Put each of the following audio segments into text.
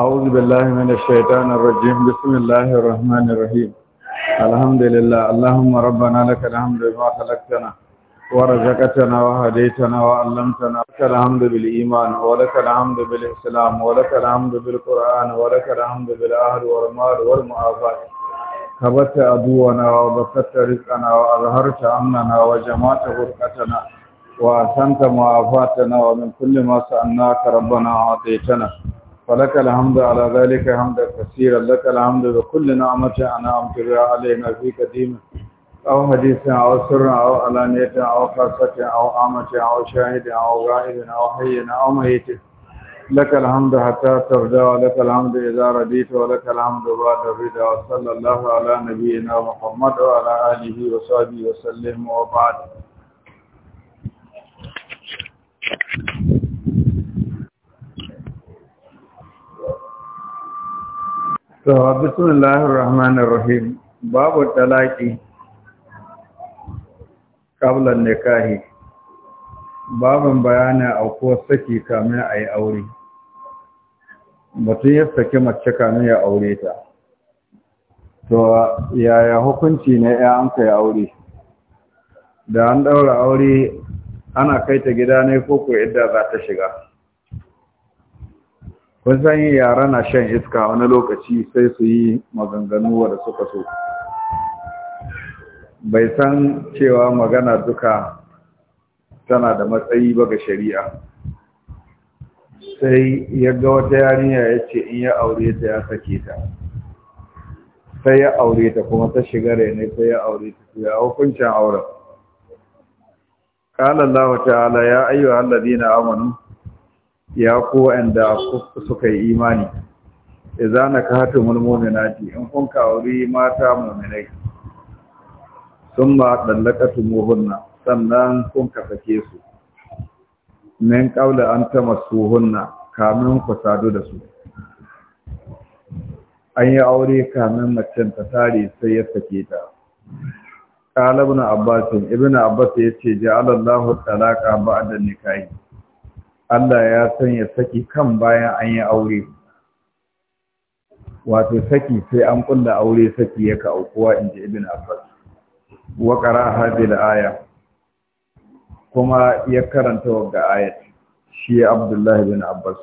أعوذ بالله من الشيطان الرجيم بسم الله الرحمن الرحيم الحمد لله اللهم ربنا لك الحمد بما خلقتنا ورزقتنا وهديتنا وعلمتنا لك الحمد بالإيمان ولك الحمد بالإسلام ولك الحمد بالقرآن ولك الحمد بالأهل والمال والمعافاة كبت أدونا وبسطت رزقنا وأظهرت أمننا وجمعت غرقتنا وأحسنت معافاتنا ومن كل ما سألناك ربنا أعطيتنا ولك الحمد على ذلك حمدا كثيرا لك الحمد بكل نعمة أنعمت بها علينا في قديم أو حديث أو سر أو علانية أو خاصة أو عامة أو شاهد أو غائب أو حي أو ميت لك الحمد حتى ترضى ولك الحمد إذا رضيت ولك الحمد بعد الرضا وصلى الله على نبينا محمد وعلى آله وصحبه وسلم وبعد to bismillahir rahmanir rahim babu talaki kablan nikahi babin bayana a ko saki kamin a yi aure mutum ya saki mace kamin ya aure ta to yaya hukunci ne ya an kai aure da an ɗaura aure ana kai ta gida ne ko ko idda za ta shiga kun san yara na shan iska wani lokaci sai su yi maganganu wanda suka so bai san cewa magana duka tana da matsayi ba ga shari'a sai ya ga wata yarinya ya ce in ya aure ta ya sake ta sai ya aure ta kuma ta shiga rene sai ya aure ta ya hukuncin auren قال ta'ala ya يا أيها الذين Amanu. ya ko wa'anda suka yi imani idza na ji in kun kawuri mata mu'minai summa dallaqatumuhunna sannan kun ka sake su min qawla an ta tamassuhunna kamin ku sadu da su an yi aure kamin macen ta tare sai ya sake ta qala ibn abbas ibn abbas yace ja'ala talaka talaqa ba'da nikahi Allah ya sanya saki kan bayan an yi aure wato saki sai an kulla aure saki ya ka aukuwa in ji ibn abbas wa qara aya kuma ya karanta wanda ayat shi abdullahi bin abbas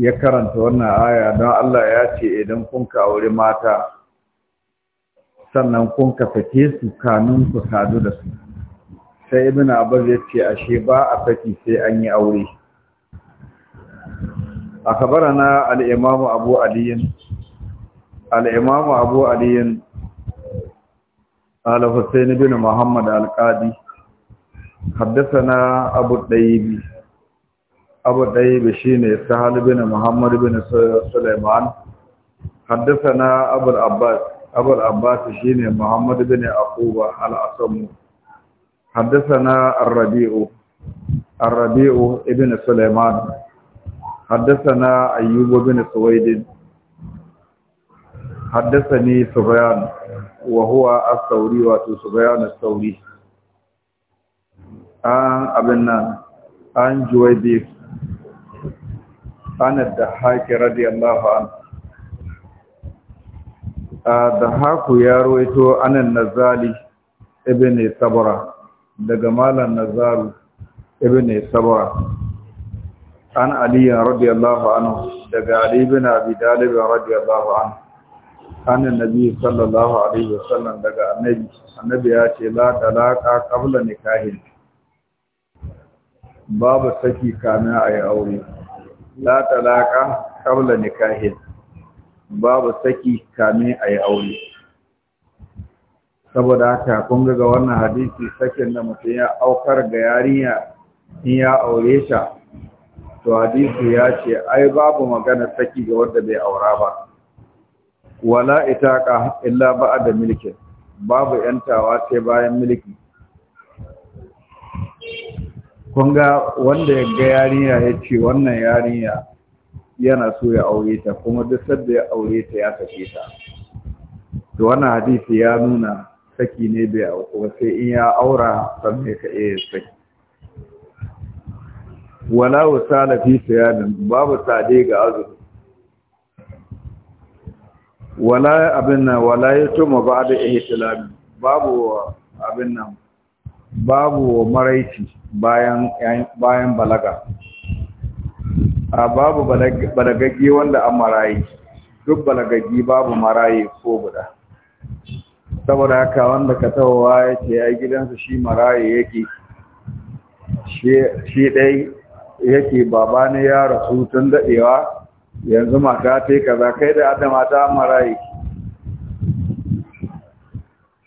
ya karanta wannan aya don Allah ya ce idan kun ka aure mata sannan kun ka fake su kanun ku sadu da su sai ibn abbas ya ce ashe ba a saki sai an yi aure a kabarana al'imamu abu aliyin al'imamu abu aliyin al-hussein bin muhammad al-qadi haddasana abu ɗayibi abu ɗayibi shi ne sahal bin muhammad bin suleiman haddasana abu abbas abu abbas shi ne muhammad bin akuba al-asamu حدثنا الربيع الربيع ابن سليمان حدثنا أيوب بن سويد حدثني سفيان وهو الثوري وسفيان الثوري عن أبنان عن جويديف عن الدحاك رضي الله عنه الدحاك يرويته عن النزالي ابن سبره daga malam nazaru ibn sabra an ali radiyallahu anhu daga ali ibn abi talib radiyallahu anhu an annabi sallallahu alaihi wasallam daga annabi annabi ya ce la talaqa qabla nikahin babu saki kana ayi aure la talaqa qabla nikahin babu saki kana ayi aure saboda haka kun ga wannan hadisi sakin da mutum ya aukar ga yarinya in ya aure ta to hadisi ya ce ai babu magana saki ga wanda bai aura ba wala itaqa illa ba'da milkin babu yantawa sai bayan milki kun ga wanda ya ga yarinya ya ce wannan yarinya yana so ya aure ta kuma duk sadda ya aure ta ya kashe ta to wannan hadisi ya nuna saki ne bai auku sai in ya aura sannan ka iya saki wala wasala fi siyadin babu sade ga azumi wala abin nan wala ya ba da ihtilami babu abin nan babu maraici bayan bayan balaga a babu balagaggi wanda an marayi duk balagaggi babu marayi ko guda saboda haka wanda ka tawowa ya ce ya gidansa shi maraye yake shi ɗai yake baba ne ya rasu tun daɗewa yanzu mata ta kaza kai da adama ta maraye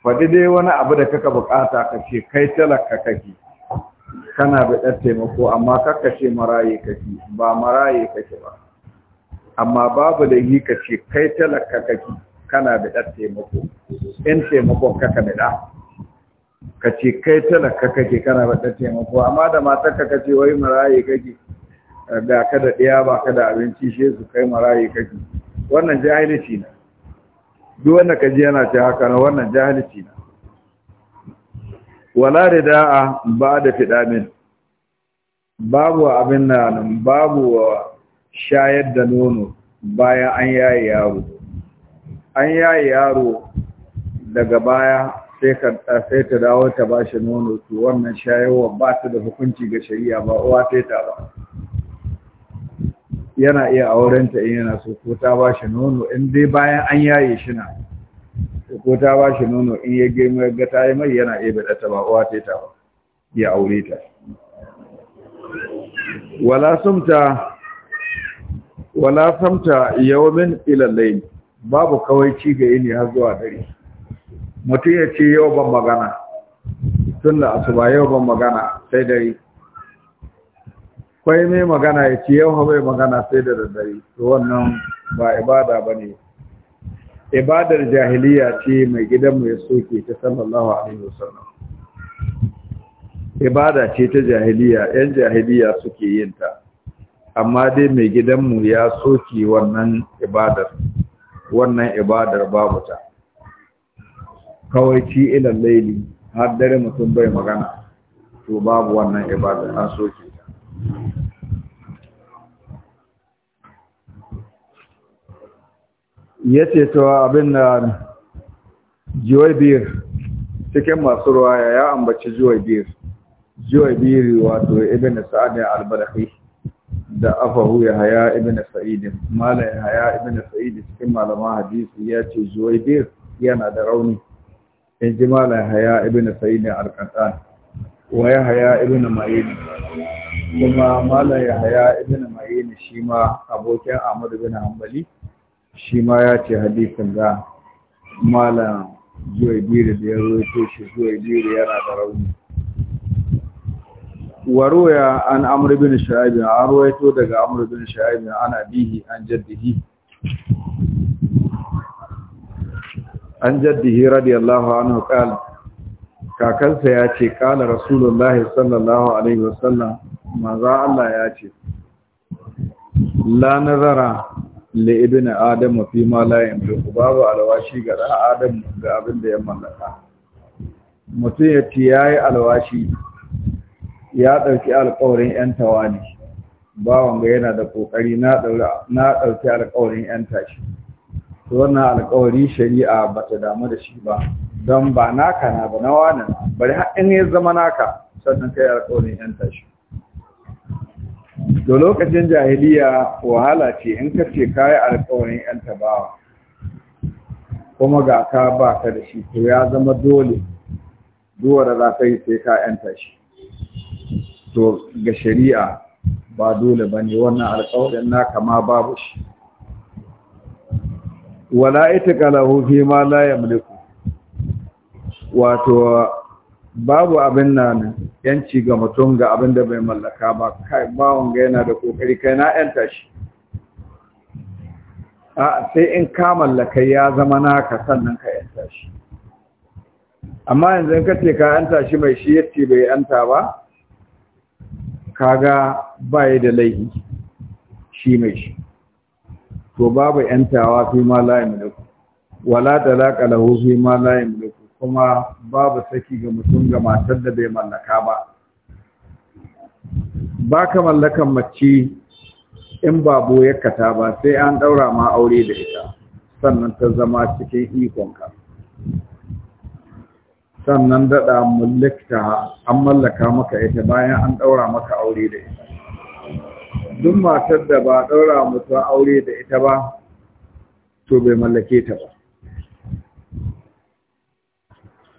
faɗi dai wani abu da kaka bukata ka ce kai talaka kake kana ɗan taimako amma kaka ce maraye kake ba maraye kake ba amma babu da yi ka ce kai talaka kake kana da ɗan taimako in taimakon ka kame ɗa ka ce kai talaka kake kana da ɗan taimako amma da mata ka ce wai maraye kake da ka da ɗaya ba ka da abinci shi su kai maraye kake wannan jahilci na duk wanda ka ji yana ce haka na wannan jahilci na wala da da'a ba da min. babu abin nan babu shayar da nono bayan an yaye yaro an yaye yaro daga baya sai sai ta dawo ta ba shi nono to wannan shayarwa ba ta da hukunci ga shari'a ba uwa ta ta ba yana iya aurenta in yana so ko ta ba shi nono in dai bayan an yaye shi na ko ta ba shi nono in ya girma ga ta yi mai yana iya bada ta ba uwa ta ta ba ya aure ta wala sumta wala samta yawmin ila layl babu kawai ci ga yini har zuwa dare mutum ya ce yau ban magana tun da asuba yau ban magana sai dare kwai mai magana ya ce yau bai magana sai da daddare to wannan ba ibada ba ne ibadar jahiliya ce mai gidanmu ya soke ta sallallahu alaihi wasallam ibada ce ta jahiliya yan jahiliya suke yin ta amma dai mai gidanmu ya soke wannan ibadar wannan ibadar babu ta kawai ci ilan laili har dare mutum bai magana to babu wannan ibadar an soke ta ya ce to abin da jiwaibir cikin masu ruwa ya ambaci jiwaibir jiwaibir wato ibn sa'ad al-balqi da afahu ya haya ibn sa'id mala ya haya ibn sa'id cikin malaman hadisi ya ce zuwaidir yana da rauni in ji mala ya haya ibn sa'id al wa ya haya ibn ma'in kuma mala ya haya ibn ma'in shi ma abokin ahmad bin hanbali shi ma ya ce hadisin da mala zuwaidir da ya ce shi zuwaidir yana da rauni wa ruya an amr bin shu'aib an ruwaito daga amr bin shu'aib an abihi an jaddihi an jaddihi radiyallahu anhu qala kakansa ya ce kala rasulullahi sallallahu alaihi wasallam maza Allah ya ce la nazara li ibn adam fi ma la yamliku babu alwashi ga dan adam ga abin da ya mallaka mutum ya yayi alwashi ya ɗauki alkawarin 'yantawa ne bawan ga yana da ƙoƙari na ɗauki alkawarin yan tashi to wannan alkawari shari'a ba ta damu da shi ba don ba naka na ba na wani bari haɗin ya zama naka sannan kai alkawarin yan tashi da lokacin jahiliya wahala ce in ka ce kayi alkawarin 'yanta bawa kuma ga ka ba ka da shi to ya zama dole duwara za ka yi sai ka 'yanta tashi to ga shari'a ba dole ba ne wannan alƙawarin naka ma babu shi wala ita kalahu fi ma la mulku wato babu abin nan yanci ga mutum ga abin da bai mallaka ba kai bawon ga yana da kokari kai na yanta shi a sai in ka mallaka ya zama naka sannan ka yanta shi amma yanzu in ka ce ka yanta shi mai shi yace bai yanta ba kaga baya da laifi shi mai shi to babu yantawa fi ma la mulku wala talaqa lahu fi ma la mulku kuma babu saki ga mutum ga matar da bai mallaka ba Ba ka mallakan mace in babu kata ba sai an daura ma aure da ita sannan ta zama cikin ikonka sannan daɗa mullikta an mallaka maka ita bayan an ɗaura maka aure da ita duk matar da ba ɗaura mutu aure da ita ba to bai mallake ta ba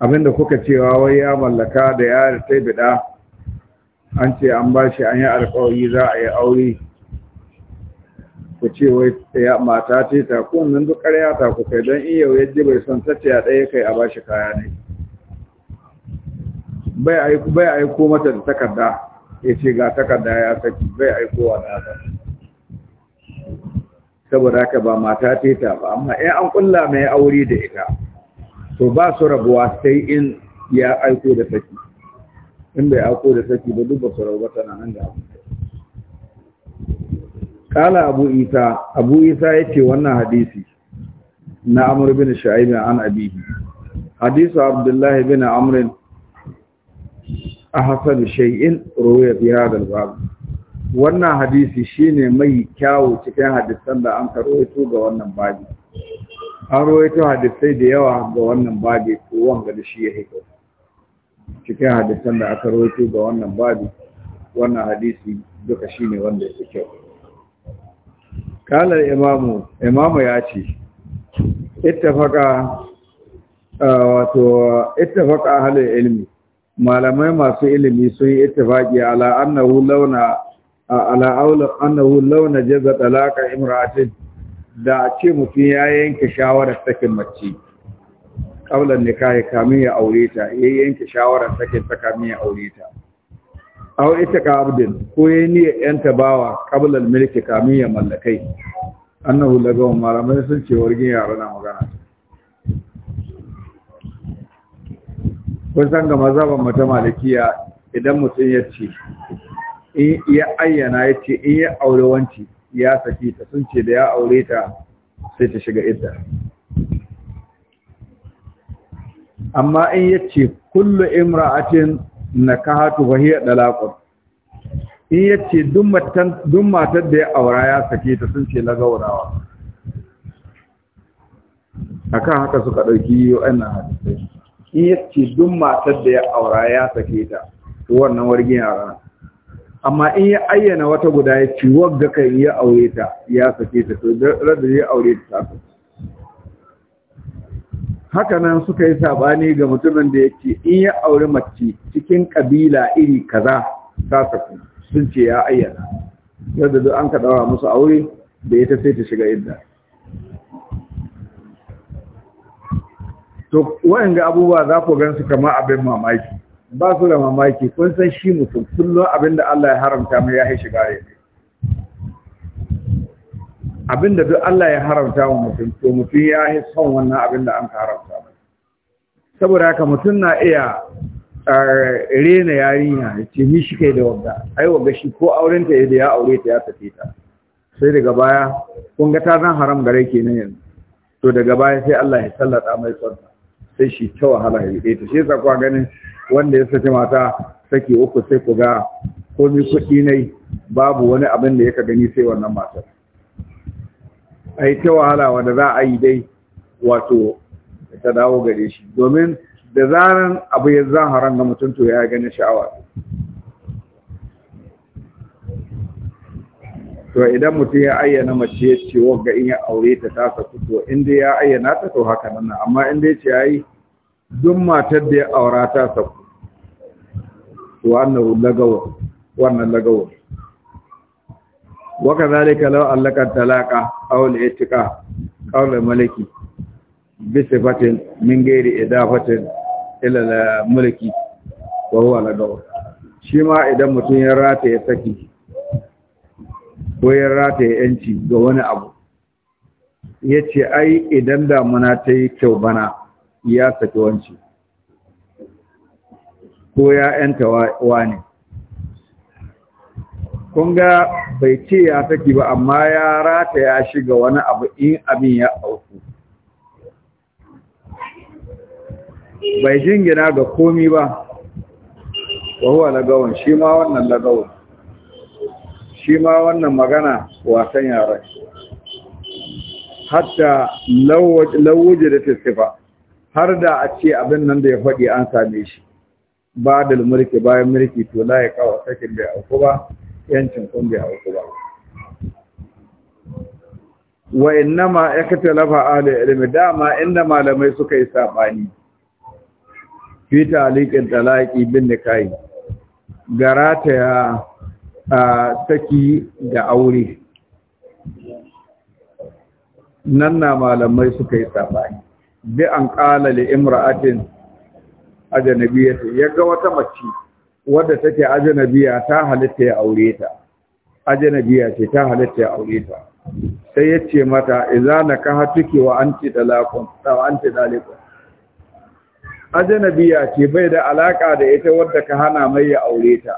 abinda kuka cewa wai ya mallaka da ya sai bida an ce an ba shi an yi alkawari za a yi aure ku ce wai ya mata ce ta kun nan duk ƙarya ta ku kai don iya yau bai son ta ce a ɗaya kai a ba shi kaya ne bai aiko mata da takarda ya ce ga takarda ya saki bai aikowa da haka saboda haka ba mata teta ba amma in an kulla mai aure da ita to ba su rabuwa sai in ya aiko da saki in bai aiko da saki ba duk ba su rabuwa tana nan da abu kala abu isa abu isa ya ce wannan hadisi na amur bin sha'ibin an abihi hadisu abdullahi bin amrin ahsan shay'in ruwiya fi hadha al-bab wannan hadisi shine mai kyawu cikin hadisan da an karoito ga wannan babi an rawaito hadisai da yawa ga wannan babi ko wanga da shi ya hito cikin hadisan da aka rawaito ga wannan babi wannan hadisi duka shine wanda yake kyau kalar imamu imamu ya ce ittafaqa wato ittafaqa ahlul ilmi malamai masu ilimi sun yi ittifaqi ala annahu launa ala aula annahu launa jaza talaqa imra'atin da ce mutum ya yanke shawarar sakin mace kaulan nikahi kamin ya aure ta ya yanke shawarar sakin ta kamin ya aure ta aw ita ka abdin ko ya ni yanta bawa kaulan mulki kamin ya mallakai annahu lagaw malamai sun ce wargin yara na magana kun san ga mazhaban mata malikiya idan mutum ya ce in ya ayyana ya ce in ya aure wanci ya saki ta sun ce da ya aure ta sai ta shiga idda amma in ya ce kullu imra'atin nakahatu wa hiya dalaqun in ya ce duk matar da ya aura ya sake ta sun ce lagaurawa a kan haka suka ɗauki yi wa'annan hadisai in duk matar da ya aura ya sake ta to wannan wargin yara amma in ya ayyana wata guda ya ci wagga kai ya aure ta ya sake ta to da ya aure ta haka nan suka yi sabani ga mutumin da yake in ya aure mace cikin kabila iri kaza ta saku sun ce ya ayyana yadda duk an ka daura musu aure da ita sai ta shiga idda to ga abubuwa za ku gansu kama abin mamaki ba su da mamaki kun san shi mutum kullum abin da Allah ya haramta mai ya yi shiga ya abin da duk Allah ya haramta wa mutum to mutum ya yi son wannan abin da an haramta mai saboda haka mutum na iya eh, rena yarinya ya ce ni shi kai da wanda. ai wagga shi ko aurenta ya da ya aure ta ya tafi ta sai daga baya kun ga ta zan haram gare kenan yanzu to daga baya sai Allah ya sallata mai kwanta. sai shi ta wahala ya yi ta shi yasa kuwa ganin wanda ya saki mata saki uku sai ku ga komi kuɗi ne babu wani abin da yaka gani sai wannan matar ai ta wahala wanda za a yi dai wato ta dawo gare shi domin da zaran abu ya zan haram ga mutum to ya gani sha'awa to idan mutum ya ayyana mace ya ce wagga in ya aure ta ta saku to in dai ya ayyana ta to haka nan amma in dai ce yayi duk matar da ya aura ta saku to wannan lagawa wannan lagawa wa kadhalika law allaka talaqa aw al-ittiqa aw al-maliki bi sifatin min ghairi idafatin ila al-maliki wa huwa lagawa shi ma idan mutum ya rata ya saki ko ya rataye yanci ga wani abu ya ce ai idan damuna ta yi kyau bana ya saki wanci ko ya yanta wani kunga bai ce ya saki ba amma ya rataya shi ga wani abu in abin ya auku bai jingina ga komi ba wa huwa lagawun shi ma wannan lagawan shi ma wannan magana wasan yaran hatta lawuje da fisifa har da a ce abin nan da ya faɗi an same shi ba da mulki bayan mulki to la ya kawo sakin bai auku ba yancin kun bai auku ba wa innama lafa ahli ilmi dama inda malamai suka yi sabani fi taliqin talaqi bin nikahi garata ya saki da aure nan na malamai suka yi sabani bi an qala li imra'atin ajnabiyati yaga wata mace wadda take ajanabiya ta halitta ya aure ta Ajanabiya ce ta halitta ya aure ta sai yace mata idza nakahatuki wa anti talaqun wa anti talaqun Ajanabiya ce bai da alaka da ita wadda ka hana mai ya aure ta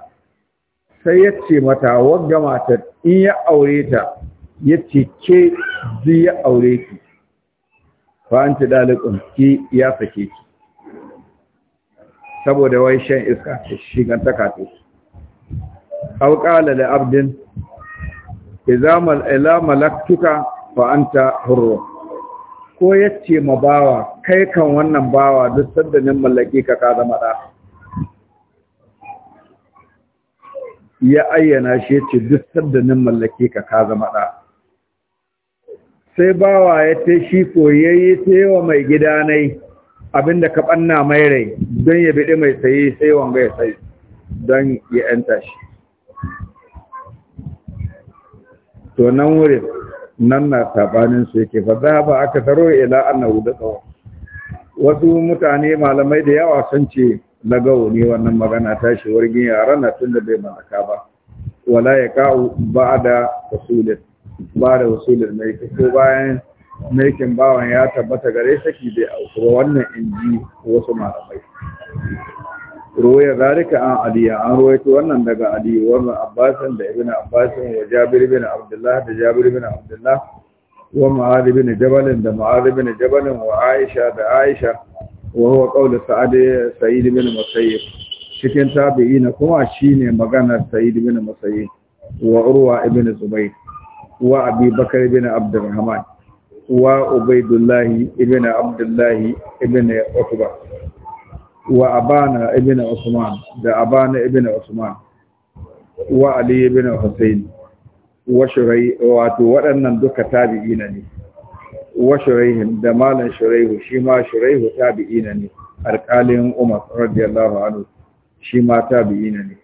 sai ya ce mata wagga matar in ya aure ta ya ce ke zai ya aure ki fa'anci dalikun ki ya sake ki saboda wai shan iska shiganta kafin auƙala da abdin ila malaktuka fa'anta hurro ko ya ce ma bawa kai kan wannan bawa duk saddanin mallaki ka ka zama ya ayyana shi ya ce duk sadda nan mallake ka ka zama ɗa sai bawa ya ce shi koyayye wa mai gida nai abinda ka ɓanna mai rai don ya biɗi mai saye sai wanga ya sai don ya yanta shi to nan wurin nan na sabanin su yake fa za ba aka taro ila annahu da tsawon wasu mutane malamai da yawa sun ce na gawo ne wannan magana ta shi wargin yaran na tun da bai mallaka ba wala ya ka'u ba da wasulin ba da wasulin mai ko bayan naikin bawan ya tabbata gare saki bai auku ba wannan in ji wasu malamai ruwaya zarika an aliya an ruwaito wannan daga ali wannan abbasin da ibn abbasin wa jabir bin abdullah da jabir bin abdullah wa ma'ad ibn da ma'ad ibn wa aisha da aisha wa huwa qawlu sa'ad sa'id bin musayyib cikin tabi'ina kuma shine maganar sa'id bin musayyib wa urwa ibn zubayr wa abi bakr ibn abdurrahman wa ubaydullah ibn abdullah ibn uqba wa abana ibn usman da abana ibn usman wa ali ibn husayn wa shurai wato waɗannan duka tabi'ina ne wa shuraihin da malan shuraihu shi ma shuraihu tabi'ina ne alƙalin umar radiyallahu anhu shi ma tabi'ina ne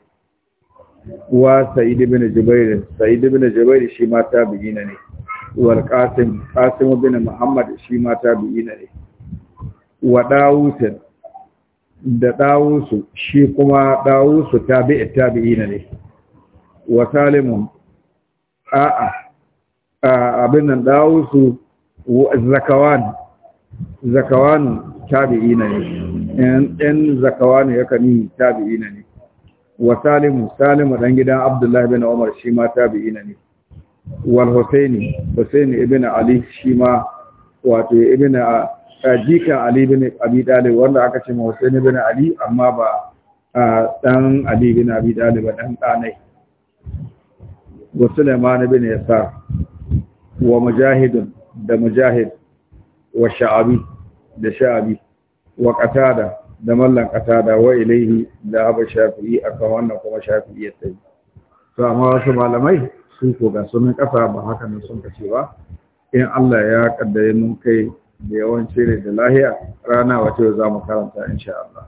wa sa'id ibn jubair sa'id ibn jubair shi ma tabi'ina ne wa qasim qasim ibn muhammad shi ma tabi'ina ne wa dawus da dawus shi kuma dawus tabi'i tabi'ina ne wa a a'a abin nan dawusu zakawan zakawan tabi'ina ne ɗan zakawan ya kani tabi'ina ne wa salimu salimu dan gidan abdullahi bin umar shi ma tabi'ina ne wal husaini husaini ibn ali shi ma wato ibn jika ali bin abi dali wanda aka ce ma husaini bin ali amma ba dan ali bin abi dali ba dan ɗanai wa sulaiman ibn yasar wa mujahidun da mujahid wa sha'abi da sha'abi wa qatada da mallan qatada wa ilaihi da haba shafi'i aka wannan kuma shafi'i ya tsaye to amma wasu malamai su ko ga sun kasa ba haka ne sun kace ba in Allah ya kaddare mun kai da yawan cire da lahiya rana wato za mu karanta insha Allah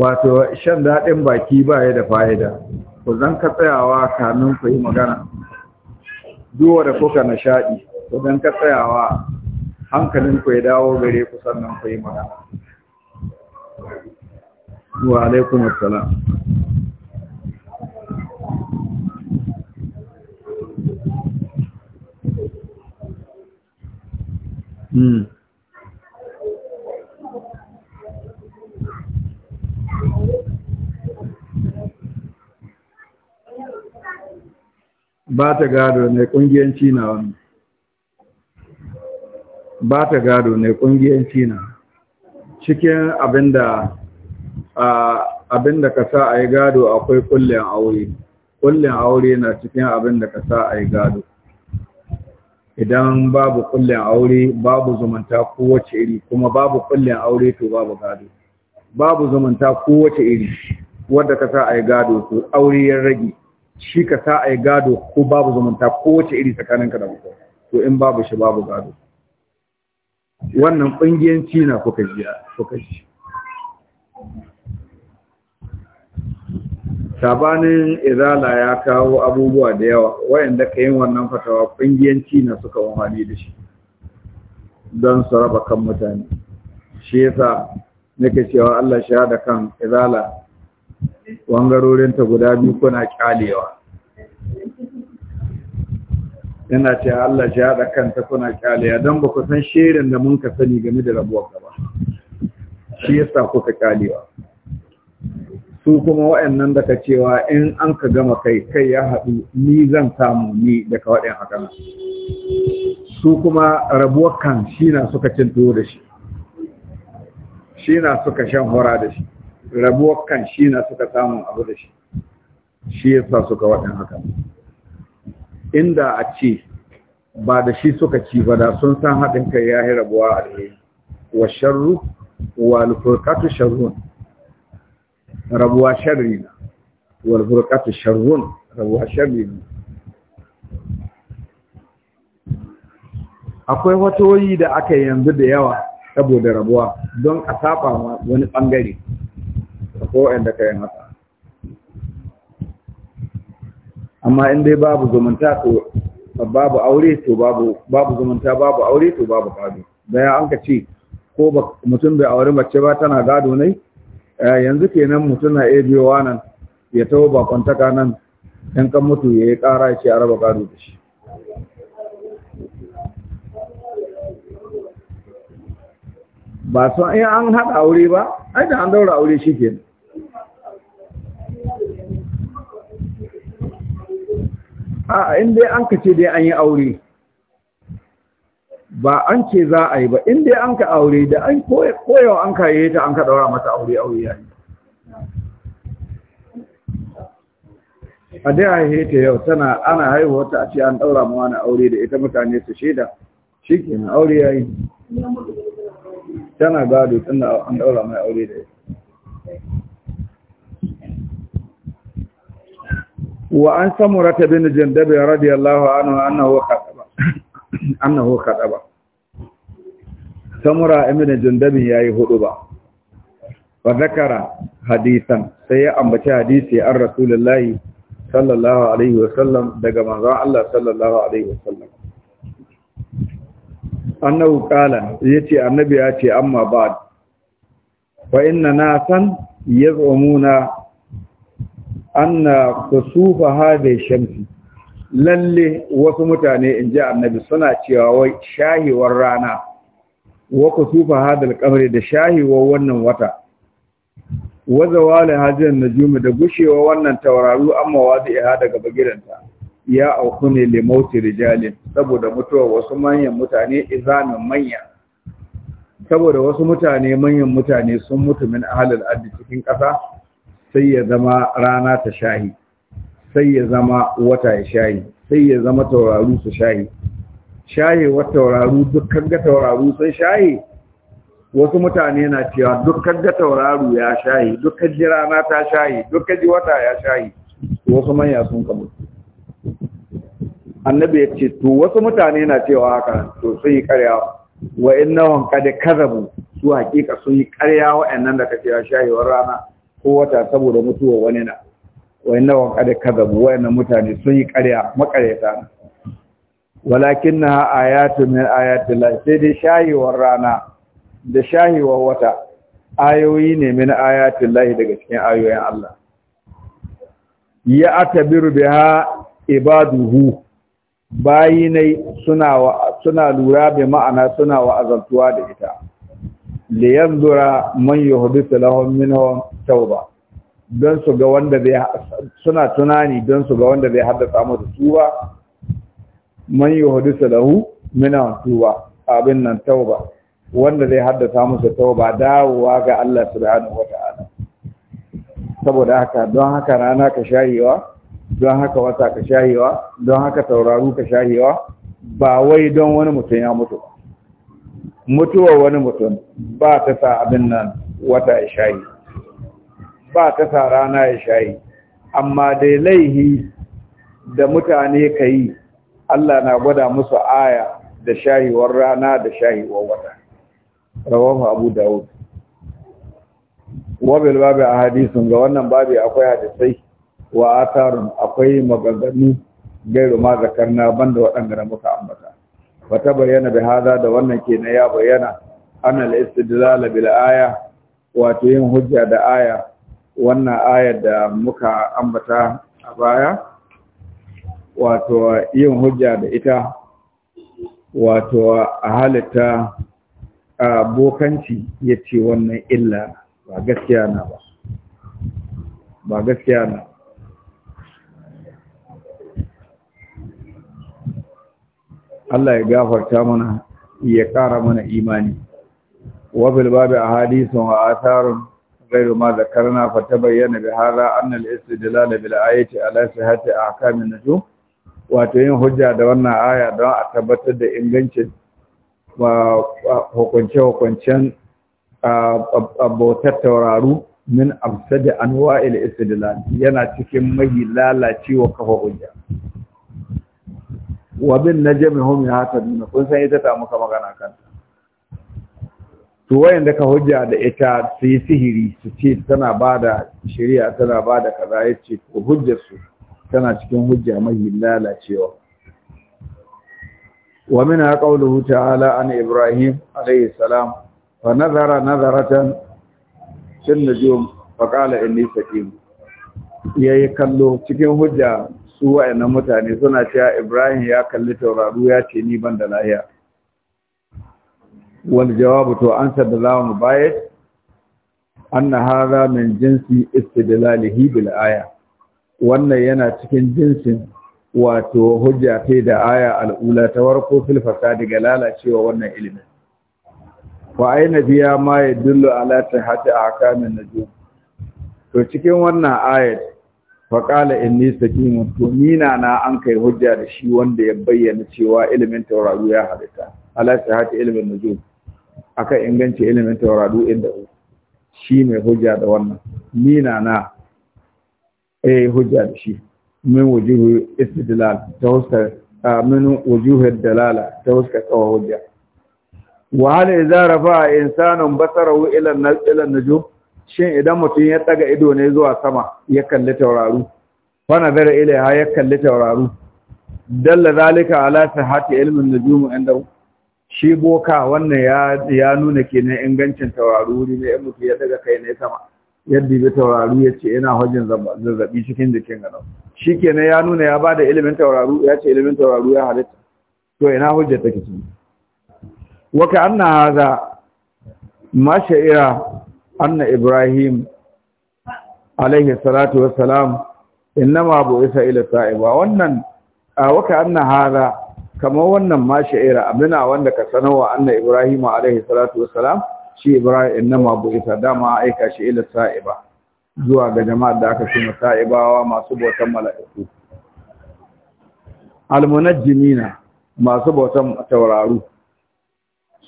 wato shan daɗin baki ba ya da fa'ida ku zan ka tsayawa kamin ku yi magana duwa da kuka nishaɗi ku zan ka tsayawa hankalin ku ya dawo gare ku sannan ku yi magana wa alaikum assalam Hmm. ba ta gado ne kungiyanci na wannan ba ta gado ne kungiyanci cina cikin abinda abinda ka sa a yi gado akwai kullen aure kullen aure na cikin abinda ka sa a yi gado idan babu kullen aure babu zumunta kowace iri kuma babu kullen aure to babu gado babu zumunta kowace iri wadda ka sa a yi gado to aure ya rage shi ka sa a yi gado ko babu zumunta ko kowace iri tsakaninka da mutum to in babu shi babu gado wannan ƙungiyanci na kuka ji kuka ji sabanin izala ya kawo abubuwa da yawa wayanda ka yin wannan fatawa ƙungiyanci na suka wani da shi don su raba kan mutane shi yasa nake cewa Allah shahada kan izala Wangarorin ta guda biyu kuna kyalewa yana ce Allah ya haɗa kanta kuna kyalewa don ba ku san shirin da mun ka sani game da rabuwa ka ba. shi yasa kuka kyalewa su kuma waɗannan da ka cewa in an ka gama kai kai ya haɗu ni zan samu ni daga waɗin haka su kuma rabuwar kan shi na suka cin tuwo da shi shi na suka shan hora da shi rabuwar kan shi na suka samun abu da shi shi ya sa suka waɗin haka inda a ce ba da shi suka ci ba da sun san haɗin kai ya yi rabuwa a ɗaya wa sharru wa alfurkatu sharrun rabuwa sharri na wa alfurkatu sharrun rabuwa sharri na akwai wata watoyi da aka yanzu da yawa saboda rabuwa don a saba wani ɓangare ko da ka yi haka amma in dai babu zumunta to babu aure to babu babu zumunta babu aure to babu gado bayan an ka ce ko mutum bai aure mace ba tana gado ne eh, yanzu kenan mutum na iya biyowa nan ya taho bakwantaka nan yan kan mutu ya yi ƙara ya ce a raba gado da shi ba su in an haɗa aure ba ai da an daura aure shi kenan a in dai an ka ce dai an yi aure ba an ce za a yi ba in dai an ka aure da an koyawa an yi ta an ka daura mata aure aure ya yi a dai haihe ta yau tana ana haihuwa ta a ce an daura ma wani aure da ita mutane su shaida shi ke aure ya yi tana gado tana an daura mai aure da ita wa an samura ta bin jandabe radiyallahu anhu annahu khadaba annahu khadaba samura ibn ya yi hudu ba wa zakara hadisan sai ya ambaci hadisi an rasulullahi sallallahu alaihi wa sallam daga manzon Allah sallallahu alaihi wa sallam annahu qala yace annabi ya ce amma ba'd fa inna nasan yaz'umuna anna kusufa hadhihi shamsi lalle wasu mutane in ji annabi suna cewa wai shahiwar rana wa kusufa hadal kamar da shahewar wannan wata wa zawala hajjan najumi da gushewa wannan tauraru amma wadi'a daga bagiranta ya auku ne le mauti rijalin saboda mutuwar wasu manyan mutane izamin manya saboda wasu mutane manyan mutane sun mutu min ahlal ardi cikin kasa sai ya zama rana ta shahi sai ya zama wata ya shahi sai ya zama tauraru su shahi wa tauraru dukkan ga tauraru sun shaye wasu mutane na cewa dukkan ga tauraru ya shaye dukkan ji rana ta shaye dukkan ji wata ya shaye wasu manya sun kamu annabi ya ce to wasu mutane na cewa haka to sun yi karya wa innahum kada kazabu su hakika sun yi karya wa'annan da kace wa rana ko wata saboda mutuwa wani na na wani kada kazabu mutane sun yi karya maƙaryata walakin na ayatu min ayatu lai sai dai shayewar rana da shayewar wata ayoyi ne min ayatu lai daga cikin ayoyin Allah ya atabiru ha ibaduhu bayinai suna lura da ma'ana suna wa'azantuwa da ita liyanzura man yuhdithu lahum minhum tauba don su ga wanda zai suna tunani don su ga wanda bai haddasa musu tuba man yuhdithu lahu minhum tuba abin nan tauba wanda zai haddasa musu tauba dawowa ga Allah subhanahu wata'ala saboda haka don haka rana ka shayewa don haka wata ka shayewa don haka tauraru ka shayewa ba wai don wani mutum ya mutu ba mutuwar wani mutum ba ta sa abin nan wata ya shayi ba ta sa rana ya shayi amma dai laihi da mutane ka yi Allah na gwada musu aya da shahiwar rana da shahiwar wata rawahu abu dawud wabil babu a hadisun ga wannan babu akwai hadisai wa atarun akwai maganganu gairu ma zakarna banda waɗanda na muka ambata wata bayyana bi haza da wannan ke na ya bayyana anal istidlal bil aya wato yin hujja da aya wannan ayar da muka ambata a baya wato yin hujja da ita wato a halitta a bokanci ya ce wannan illa ba gaskiya na ba ba gaskiya na Allah ya gafarta mana ya ƙara mana imani wa bil babi ahadithun wa atharun غير ما ذكرنا فتبين بهذا أن الاستدلال a على صحة أحكام النجوم wato yin hujja da wannan aya don a tabbatar da ingancin hukunce-hukuncen bautar tauraru min amsa da anwa'il istidlal yana cikin mahi lalacewa kafa hujja wa bin najmi hum nuna kun san ita ta muka magana kanta to wayanda ka hujja da ita su yi sihiri su ce tana bada shari'a tana da kaza ce ko hujjar su tana cikin hujja mai lalacewa wa min qawluhu ta'ala an ibrahim alayhi salam fa nazara nazaratan shin najum fa qala inni saqim yayi kallo cikin hujja su wa'annan mutane suna cewa Ibrahim ya kalli tauraru ya ce ni ban da lahiya wal jawabu to ansa da za mu bayar na hara min jinsi istidilali bil aya wannan yana cikin jinsin wato hujja ta da aya al'ula ta warko filfasa, daga lalacewa wannan ilimin fa aina biya ma ya yadullu ala a kamin najum to cikin wannan ayat faƙala in ni sakimun to nina na an kai hujja da shi wanda ya bayyana cewa ilimin tauraru ya halitta ala haka ilimin nujum aka inganci ilimin tauraru inda shi mai hujja da wannan nina na yi eh, hujja da shi min wujuhu istidlal ta huskar ah, min wujuhu dalala ta huskar tsawon hujja wa hal zarafa rafa'a insanun basarahu ilan najo shin idan mutum ya tsaga ido ne zuwa sama ya kalli tauraru fa nazara ha ya kalli tauraru dalla zalika ala sihhati ilmin 'yan dau? shi boka wannan ya nuna nuna kenan ingancin tauraru ne in mutum ya daga kai ne sama yadda bi tauraru ya ce yana hajjin zazzabi cikin jikin gano shi kenan ya nuna ya bada ilimin tauraru ya ce ilimin tauraru ya halitta to ina hujja take ciki Waka ka anna haza mashaira anna ibrahim alaihi salatu wassalam innama abu isa ila ta'iba wannan waka anna hada kamar wannan ma sha'ira amina wanda ka sanarwa anna ibrahim alaihi salatu wassalam shi ibrahim innama abu isa dama aika shi ila ta'iba zuwa ga jama'ar da aka shi ta'ibawa masu bautan mala'iku almunajjimina masu bautan tauraru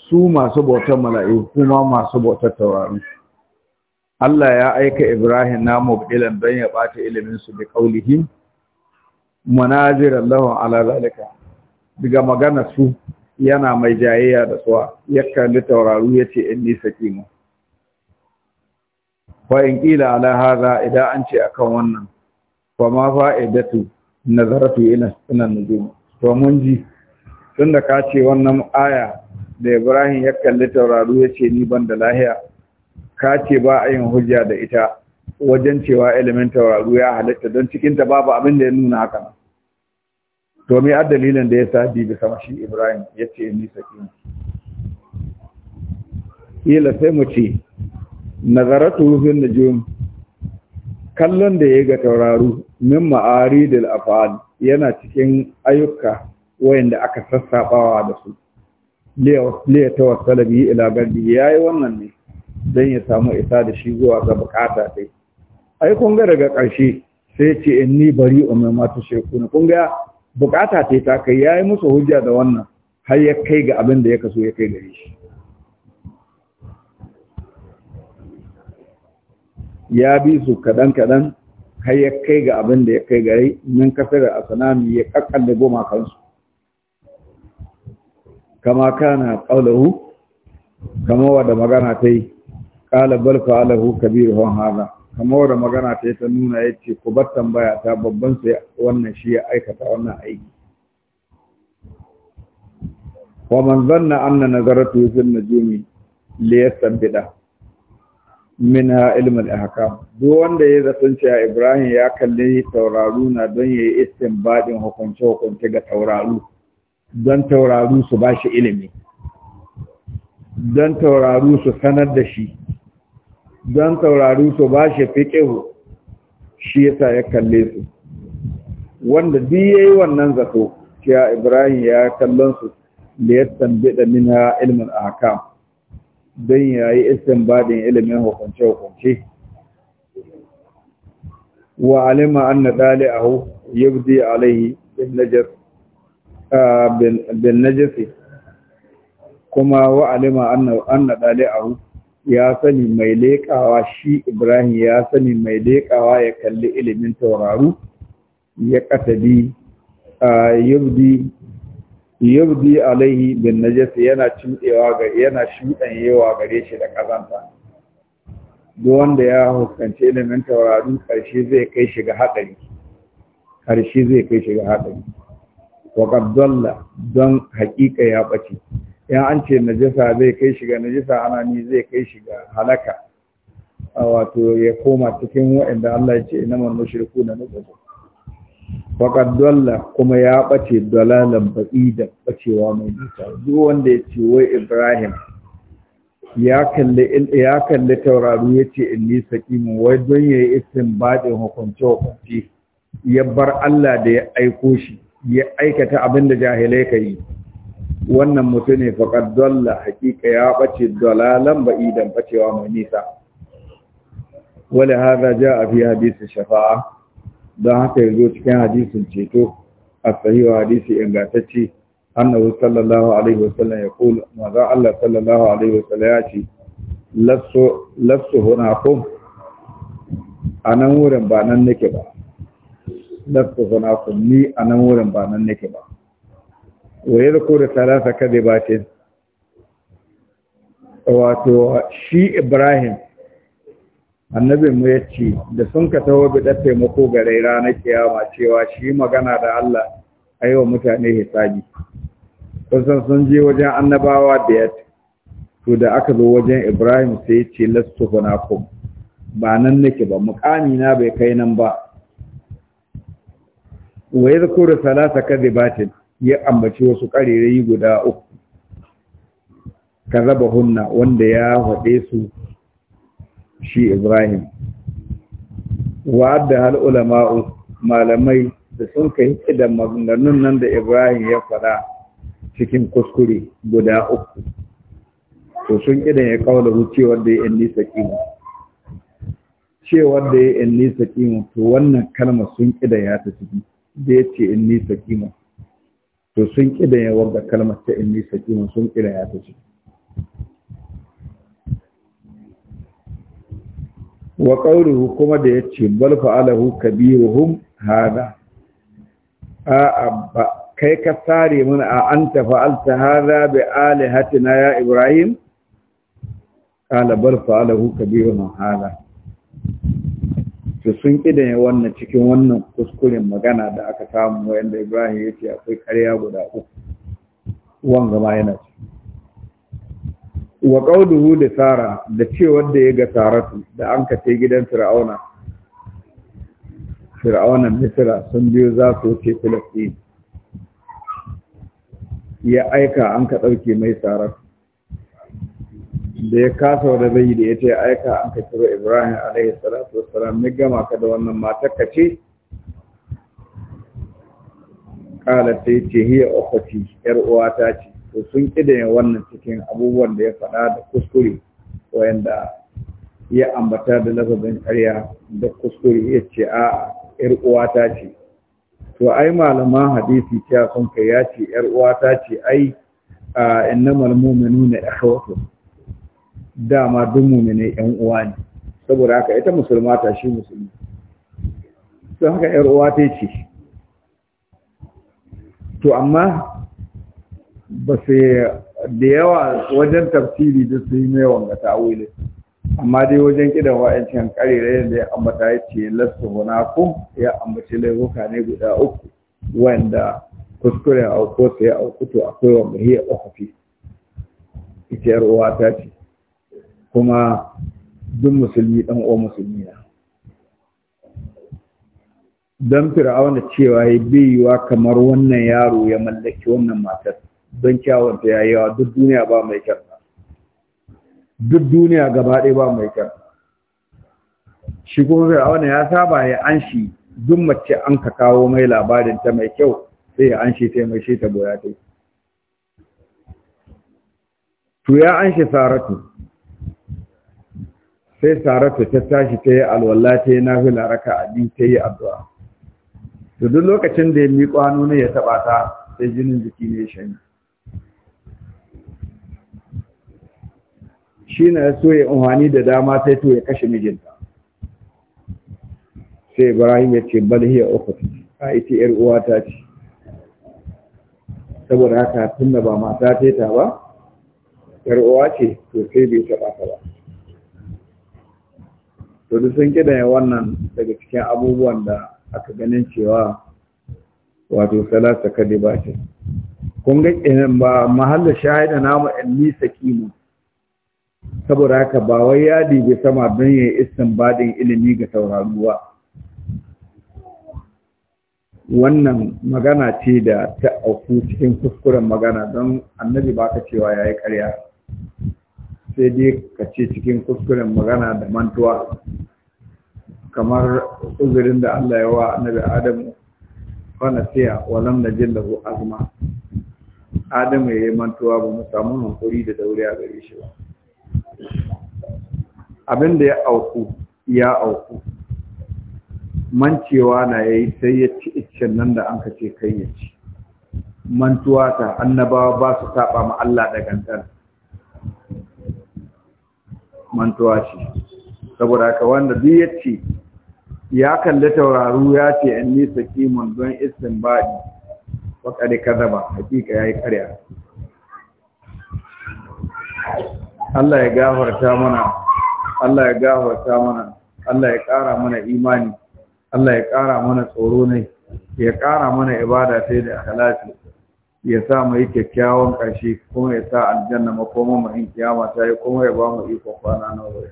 su masu bautan mala'iku kuma masu bautan tauraru Allah ya aika Ibrahim na mubdilan don ya ɓata iliminsu da ƙaulihi, manazirar lahun alalalika, daga magana su yana mai jayayya da tsawa, yakan da tauraru ya ce in nisa kima. Ba in ƙila ala haza idan an ce akan wannan, fa ma fa'idatu nazaratu ina sunan nujum. To mun ji, tun da ka ce wannan aya da Ibrahim yakan da tauraru ya ce ni ban da lahiya, ka ce ba a yin hujja da ita wajen cewa ilimin tauraru ya halitta don cikinta babu abin da ya nuna haka to me a dalilin da ya sa bi sama shi ibrahim ya ce ni sakin kila sai mu ce nazaratu rufin najum kallon da ya ga tauraru min ma'ari da al'afal yana cikin ayyuka wayanda aka sassabawa da su liya wasu talabi ila gardi yi wannan ne don ya samu isa da shi zuwa ga bukata sai ai kun ga daga ƙarshe sai ce in ni bari umar mata ne kun ga bukata ce ta kai yayi musu hujja da wannan har ya kai ga abin da ya kaso ya kai gare shi ya bi su kaɗan-kaɗan har ya kai ga abin da ya kai gare min kafa da sanami ya kakkan da goma kansu kama kana ƙaunahu kama da magana ta yi kala bal fa'alahu kabiruhum hadha kamar da magana ta ta nuna yace ku bar tambaya ta babban sai wannan shi ya aikata wannan aiki wa man zanna anna nazaratu fil najmi li yastabbida minha ilm al ahkam do wanda ya zaton cewa Ibrahim ya kalli tauraru na don yayi istinbadin hukunce hukunce ga tauraru don tauraru su bashi ilimi don tauraru su sanar da shi don taurari su ba shi fiƙihu shi yasa ya kalle su wanda biye yi wannan zato cewa Ibrahim ya kallon su da ya tambida minha ilmin haka. don ya isin baɗin ilimin hukunce hukunce wa alima anna dali'ahu yubdi alaihi bin najis bin najasi kuma wa alima ɗali a hu ya sani mai leƙawa shi Ibrahim ya sani mai leƙawa ya kalli ilimin tauraru ya ƙasadi a yabdi alaihi bin najasa yana cuɗewa ga yana shuɗanyewa gare shi da ƙazanta duk wanda ya huskanci ilimin tauraru ƙarshe zai kai shi ga haɗari ƙarshe zai kai shi ga haɗari wa don haƙiƙa ya ɓace in an ce najasa zai kai shiga najasa ana ni zai kai shiga halaka wato ya koma cikin waɗanda Allah ya ce man mushriku na najasa faqad dalla kuma ya bace dalalan ba'ida bacewa mai nisa duk wanda ya ce wai Ibrahim ya kalli ya taurari ya ce inni saqimun wai don yayi istinbadin hukunce hukunci ya bar Allah da ya aiko shi ya aikata abin da jahilai kai wannan mutum ne faƙar dalla hakika ya ɓace dalalan idan ɓacewa mai nisa wale haza ja a fi hadisun shafa'a don haka yanzu cikin hadisun ceto a sahiwa hadisi ingantacce annabi sallallahu alaihi wasallam ya kula maza Allah sallallahu alaihi wasallam ya ce lassu hunakum a nan wurin ba nan nake ba lassu hunakum ni a nan wurin ba nan nake ba wa ya zako da talata kada batin wato shi ibrahim annabin ya ce da sun ka taho biɗar taimako gare ranar kiyama cewa shi magana da allah a yi mutane hisabi kusan sun je wajen annabawa biyar to aka zo wajen ibrahim sai ya ce lastu hunakum ba nan nake ba mukami na bai kai nan ba wa ya zako da talata kada batin ya ambaci wasu ƙarerayi guda uku ka raba hunna wanda ya haɗe su shi ibrahim wa'adda hal malamai da sun kai da maganganun nan da ibrahim ya faɗa cikin kuskure guda uku to sun idan ya kawo da cewar da ya yi in cewar da ya nisa saƙimu to wannan kalmar sun idan ya ta ciki da ya ce nisa ƙima. to sun kidayawar da kalmar ta inni sakimun sun kidaya ta ce wa qawluhu kuma da yace bal fa'alahu kabiruhum hada a'a ba kai ka sare mana a an anta fa'alta hada bi alihatina ya ibrahim qala bal fa'alahu kabiruhum hada to sun kidaya wannan cikin wannan kuskuren magana da aka samu wanda Ibrahim ya ce akwai karya guda uku wan gama yana ce wa qawluhu da Sara da cewar da ya ga Saratu da an ka gidan Fir'auna Fir'auna Misra sun biyo za su wuce Filistin ya aika an ka ɗauke mai Saratu da ya kasa wa zai yi da ya ce aika an ka ciro ibrahim alaihi salatu wassalam ni gama ka da wannan matar ka ce kala ta ce hiya ukhti yar uwata ce to sun kidaya wannan cikin abubuwan da ya faɗa da kuskure wayanda ya ambata da lafazin karya da kuskure ya ce a yar uwata ce to ai malaman hadisi cewa sun kai ya ce yar uwata ce ai innamal mu'minuna ikhwatu dama duk ne 'yan uwa ne saboda haka ita musulma ta shi musulmi don haka ƴar uwa ta ce to amma ba sai da yawa wajen tafsiri da su yi mai wanga ta'awilin amma dai wajen kidan wa'ancin karirai da ya ambata ya ce lasta ku ya ambaci laifuka ne guda uku wanda a auko sai auku to akwai wa muhiya ofafi ita yar uwa ta ce kuma duk musulmi ɗan uwan musulmi na don fir'auna cewa ya biyuwa kamar wannan yaro ya mallaki wannan matar don kyawunta ya wa duk duniya ba mai kyau duk duniya gaba ɗaya ba mai kyau shi kuma fir'auna ya saba ya an shi duk mace an ka kawo mai labarin ta mai kyau sai ya an shi sai mai shi ta goya ta to ya an shi saratu sai saratu ta tashi ta yi alwala ta yi nafila raka a biyu ta yi addu'a to duk lokacin da ya miƙo hannu ne ya taɓa ta sai jinin jiki ne shani shi na so ya umarni da dama sai to ya kashe mijinta sai ibrahim ya ce Balhi ya ofis a ita yar uwa ta ce saboda haka da ba mata ta ba yar uwa ce to sai bai taɓa ta ba to duk sun kidaya wannan daga cikin abubuwan da aka ganin cewa wato salata kadi ba ce kun ga kenan ba mahallin shahida namu ilmi sakimu saboda haka ba wai ya dibe sama don ya istinbadin ilimi ga sauraruwa wannan magana ce da ta auku cikin kuskuren magana don annabi baka cewa ya yi ƙarya sai dai ka ce cikin kuskuren magana da mantuwa kamar uzurin da Allah ya wa annabi Adamu fana siya walam na jin ku azma Adamu ya yi mantuwa ba mu samu hankuri da daure a gare shi ba abin da ya auku ya auku mancewa na ya yi sai ya ci iccen nan da an ka ce kai ya ci mantuwa ta annabawa ba su saba ma Allah da gantar mantuwa ce saboda ka wanda duk ya ce ya kalli tauraru ya ce in nisa sakimun don istin baɗi wa kare kazaba hakika ya yi karya Allah ya gafarta mana Allah ya gafarta mana Allah ya ƙara mana imani Allah ya ƙara mana tsoro ne ya ƙara mana ibada sai da akhlasi ya sa mu yi kyakkyawan ƙarshe kuma ya sa aljanna makoma mu in kiyama ta yi kuma ya ba mu ikon kwana na wuri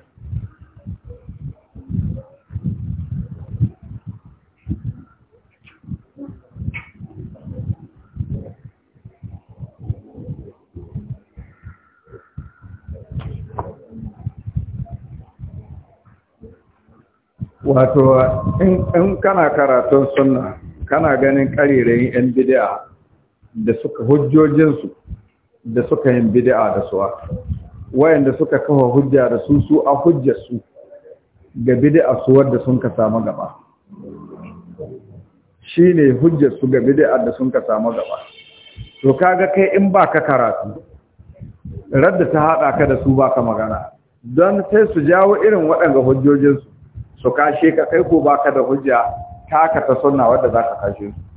wato in kana karatun suna, kana ganin ƙarerayin 'yan bid'a da suka hujjojinsu da suka yin bid'a da suwa wayanda suka kafa hujja da su su a hujjar su ga bid'a su wadda sun ka samu gaba shine hujjar su ga bid'a da sun ka samu gaba to kaga kai in ba ka karatu radda ta hada ka da su ka magana don sai su jawo irin waɗanda hujjojinsu su kashe ka kai ko ba ka da hujja taka ta sunna wadda za ka kashe su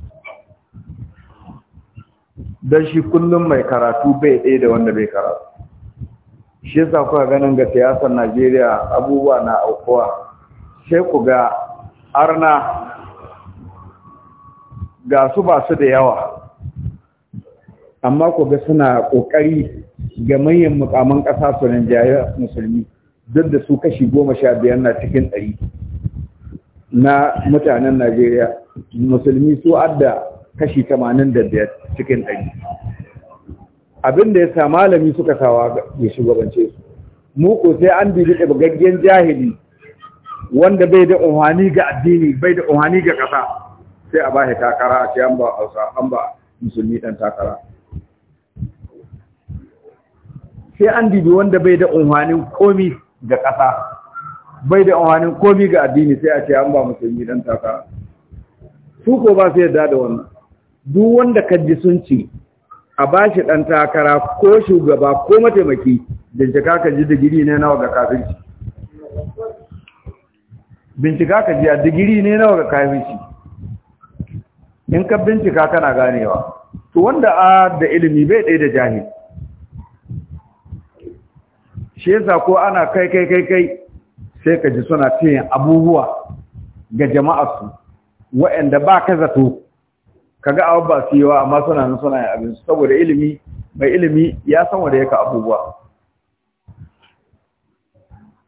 don shi kullum mai karatu bai ɗaya da wanda bai karatu shi yasa kuka ganin ga siyasar najeriya abubuwa na aukuwa sai ku ga arna ga su ba su da yawa amma ku ga suna ƙoƙari ga manyan mukaman ƙasa su rinjaye musulmi duk da su kashi goma sha biyar na cikin ɗari na mutanen najeriya musulmi su adda kashi 85 cikin 100 abinda ya sa malami suka sawa ya shugabance su mu ko sai an bibi gaggen jahili wanda bai da umhani ga addini bai da umhani ga kasa sai a bashi takara a cikin an ba Hausa an ba musulmi dan takara sai an dibi wanda bai da umhanin komi ga ƙasa bai da umhanin komi ga addini sai a ce an ba musulmi dan takara su ko ba su yadda da wannan duk wanda ka ji sun ce a ba shi ɗan takara ko shugaba ko mataimaki bincika ka ji digiri ne nawa ga kafirci bincika ka ji a digiri ne nawa ga kafirci in ka bincika kana ganewa to wanda a da ilimi bai ɗaya da jahil shi yasa ko ana kai kai kai kai sai ka ji suna ce abubuwa ga jama'a su, waɗanda ba ka zato kaga awa ba su wa, amma suna nan suna yin abin saboda ilimi mai ilimi ya san wanda yake abubuwa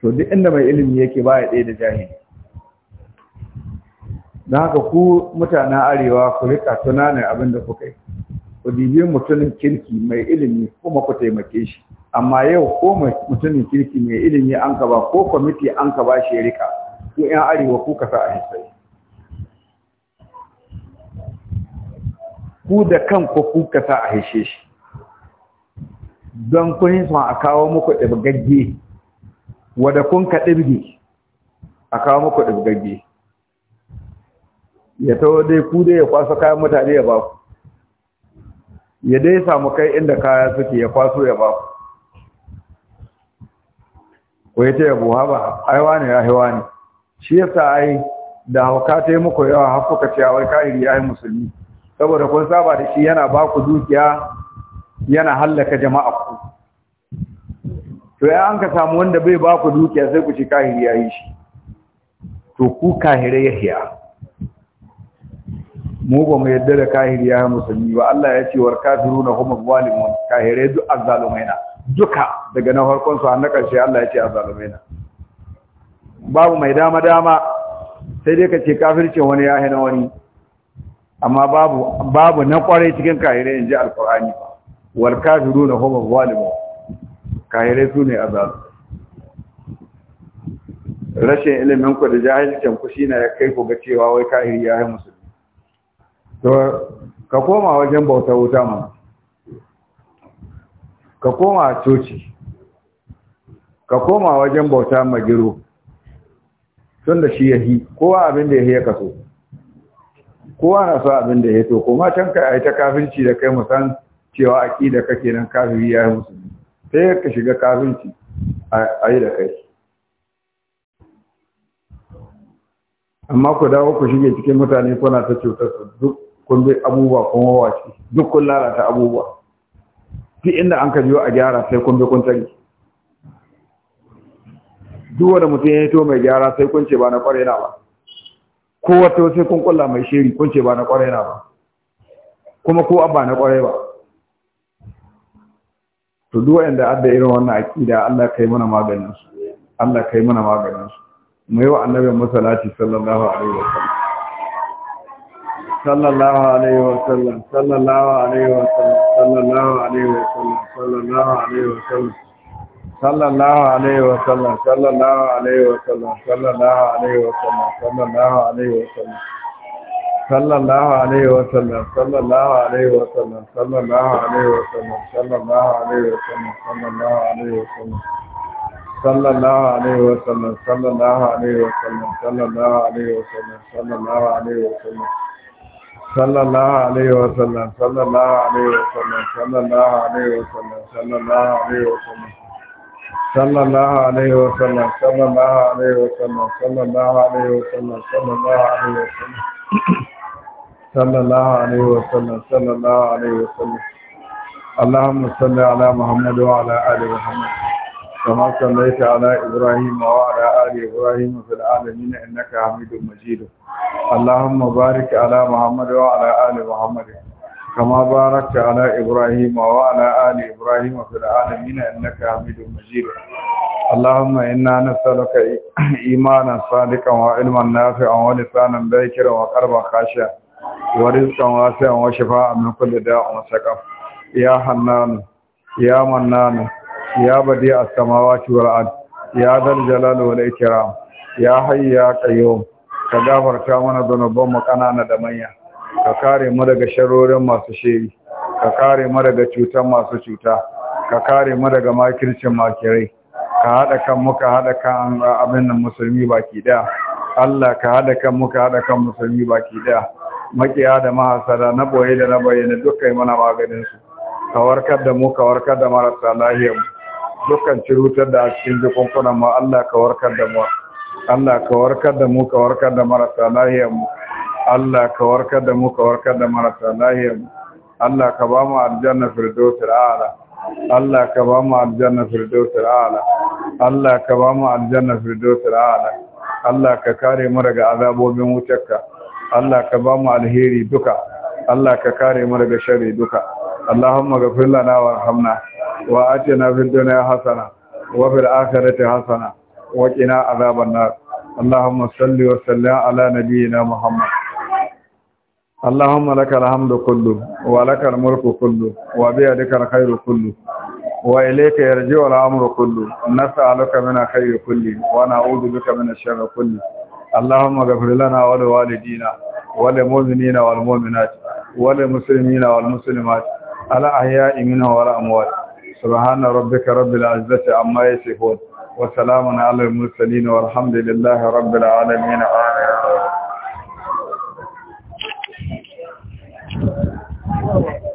to duk inda mai ilimi yake baya ɗaya da jahili don haka ku mutanen arewa ku rika tunanin abin da kuka yi ku dibi mutumin kirki mai ilimi kuma ku taimake shi amma yau ko mutumin kirki mai ilimi an ka ba ko kwamiti an ka ba shi ya rika ku yan arewa ku ka sa a hisai ku da kanku kuka sa a haishe shi don kun yi son a kawo muku ɗibgagge wadda kun ka ɗirge a kawo muku ɗibgagge ya ta dai ku dai ya kwaso kayan mutane ya ba ku ya dai samu kai inda kaya suke ya kwaso ya ba ku ko ya ce yabo ba aiwa ne ya haiwa ne shi yasa ai da hauka ta yi muku yawa hafuka kuka ce a wai ka'iri ya yi musulmi saboda kun saba da shi yana ba ku dukiya yana hallaka jama'a ku to ya an ka samu wanda bai ba ku dukiya sai ku ci kahiri ya yi shi to ku kahire ya hiya mu ba mu yadda da kahiri ya musulmi ba Allah ya ce war kafiruna hum zalimun kahire duk azalumaina. duka daga na farkon su har na karshe Allah ya ce azalumaina. babu mai dama dama sai dai ka ce kafirce wani ya hina wani amma babu babu na kwarai cikin kahirai inji alqur'ani wal kafiruna hum kahire kahirai sune azab rashin ilimin ku da jahilcin ku shine ya kai ku ga cewa wai kahiri ya yi musulmi to ka koma wajen bauta wuta ma ka koma coci ka koma wajen bauta magiro tun da shi yahi kowa abin da yahi ya kaso kowa na so abin da ya to kuma can ka ai ta kafirci da kai musan cewa aqida kake nan kafiri ya musulmi sai ka shiga kafirci ai da kai amma ku dawo ku shige cikin mutane na ta cutar su duk kun bi abubuwa kun wace, duk kun lalata abubuwa fi inda an ka biyo a gyara sai kun bi kun tsari duk wanda mutum ya yi to mai gyara sai kun ce ba na kware na ba ko wata sai kun kulla mai shiri kun ce ba na kwarai na ba kuma ko abba na kwarai ba to duk wanda adda irin wannan aqida Allah kai mana maganin su Allah kai mana maganin su mu yi wa annabi musallati sallallahu alaihi wa sallam. sallallahu alaihi wa sallam. sallallahu alaihi wa sallam. sallallahu alaihi wa sallam. sallallahu alaihi wa sallam. sallallahu alaihi wa sallam sallallahu alaihi wa sallam sallallahu alaihi wa sallam sallallahu alaihi wa sallam sallallahu alaihi wa sallam sallallahu alaihi wa sallam sallallahu alaihi wa sallam sallallahu alaihi wa sallam sallallahu alaihi wa sallam sallallahu alaihi wa sallam sallallahu alaihi wa sallam sallallahu alaihi wa sallam sallallahu alaihi wa sallam صلى الله عليه وسلم صلى الله عليه وسلم صلى الله عليه وسلم صلى الله عليه وسلم صلى الله عليه وسلم صلى الله عليه وسلم صلى الله عليه وسلم صلى الله عليه وسلم صلى الله عليه وسلم صلى الله عليه وسلم اللهم صل على محمد وعلى ال محمد كما صليت على ابراهيم وعلى ال ابراهيم في العالمين انك حميد مجيد اللهم بارك على محمد وعلى ال محمد كما باركت على إبراهيم وعلى آل إبراهيم في العالمين إنك حميد مجيد اللهم إنا نسألك إيمانا صادقا وعلما نافعا ولسانا باكرا وقربا خاشعا ورزقا واسعا وشفاء من كل داء وسقم يا حنان يا منان يا بديع السماوات والأرض يا ذا الجلال والإكرام يا حي يا قيوم ka gafarta mana mu ƙanana da manya ka kare mu daga sharorin masu sheri ka kare mu daga cutar masu cuta ka kare mu daga makircin makirai ka haɗa kan mu ka haɗa kan abin nan musulmi baki ɗaya Allah ka haɗa kan mu ka haɗa kan musulmi baki ɗaya makiya da mahasada na boye da na bayyana dukkan mana maganin su ka warkar da mu ka warkar da marasa lahiyar mu dukkan cirutar da a cikin jikunkunan mu Allah ka warkar da mu Allah ka warkar da mu ka warkar da marasa lahiyar mu Allah ka warkar da mu ka warkar da marasa lahiyar mu Allah ka ba mu aljanna firdausul a'la Allah ka ba mu aljanna firdausul a'la Allah ka ba mu aljanna firdausul a'la Allah ka kare mu daga azabobin wutarka Allah ka ba mu alheri duka Allah ka kare mu daga sharri duka Allahumma ghfir lana warhamna wa atina fid dunya hasana wa fil akhirati hasana wa qina azaban nar اللهم صل وسلم على نبينا محمد اللهم لك الحمد كله ولك الملك كله وبيدك الخير كله وإليك يرجع الأمر كله نسألك من خير كله ونعوذ بك من الشر كله اللهم اغفر لنا ولوالدينا وللمؤمنين والمؤمنات وللمسلمين والمسلمات على الأحياء منهم أموات سبحان ربك رب العزة عما يصفون وسلام على المرسلين والحمد لله رب العالمين آمين Thank you.